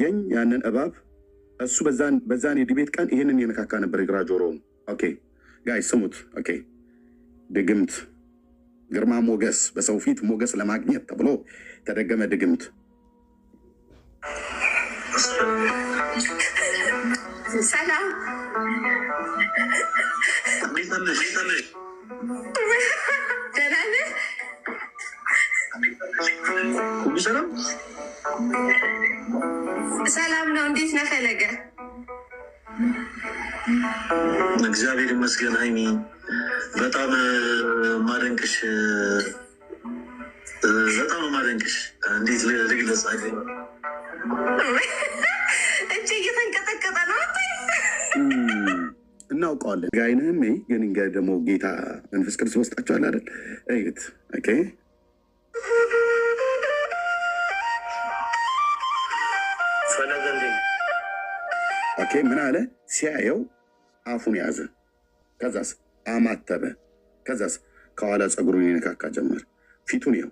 ያየኝ ያንን እባብ እሱ በዛን የዲቤት ቀን ይህንን የነካካ ነበር የግራ ጆሮውን። ኦኬ ጋይ ስሙት። ኦኬ ድግምት ግርማ ሞገስ፣ በሰው ፊት ሞገስ ለማግኘት ተብሎ ተደገመ ድግምት። ሰላም ሁሉ ሰላም ሰላም ነው። እንዴት ነህ ፈለገ? እግዚአብሔር ይመስገን። ሀይሚ በጣም ማደንቅሽ በጣም ማደንቅሽ እንዴት ልግለጽ? እጅ እየተንቀጠቀጠ ነው እናውቀዋለን። ጋይንህም ግን ደግሞ ጌታ መንፈስ ቅዱስ ወስጣችኋል አይደል? እዩት ኦኬ ምን አለ? ሲያየው አፉን ያዘ፣ ከዛስ አማተበ፣ ከዛስ ከኋላ ፀጉሩን ይነካካ ጀመር። ፊቱን ያው